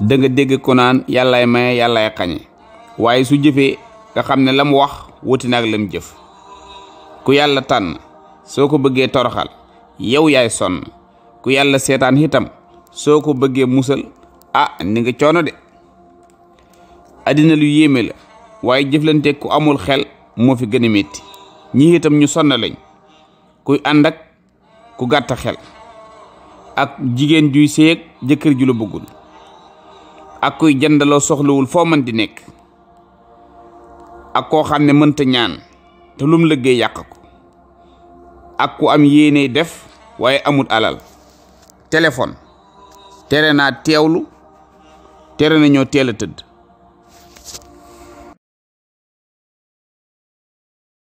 da dégg ko naan yàllaay maye yàllaay xañe waaye su jëfee nga xam ne la mu wax wuti naag la jëf ku yàlla tànn soo ko bëggee toroxal yow yaay sonn ku yàlla seetaan itam soo ko bëggee musal a ah, ni nga coono de àddina lu yéeme la waaye jëflante ku amul xel moo fi gën metti métti ñi itam ñu sonn lañ kuy àndak ku gàtt xel ak jigéen juy séeg jëkkër ju la bëggul ak kuy jëndaloo soxlawul foo mën di nekk ak koo xam ne mënta ñaan te lum liggéey yàq ko ak ku am yéene def waaye amul alal téléphone tere naa teewlu tere nañoo teel a tëdd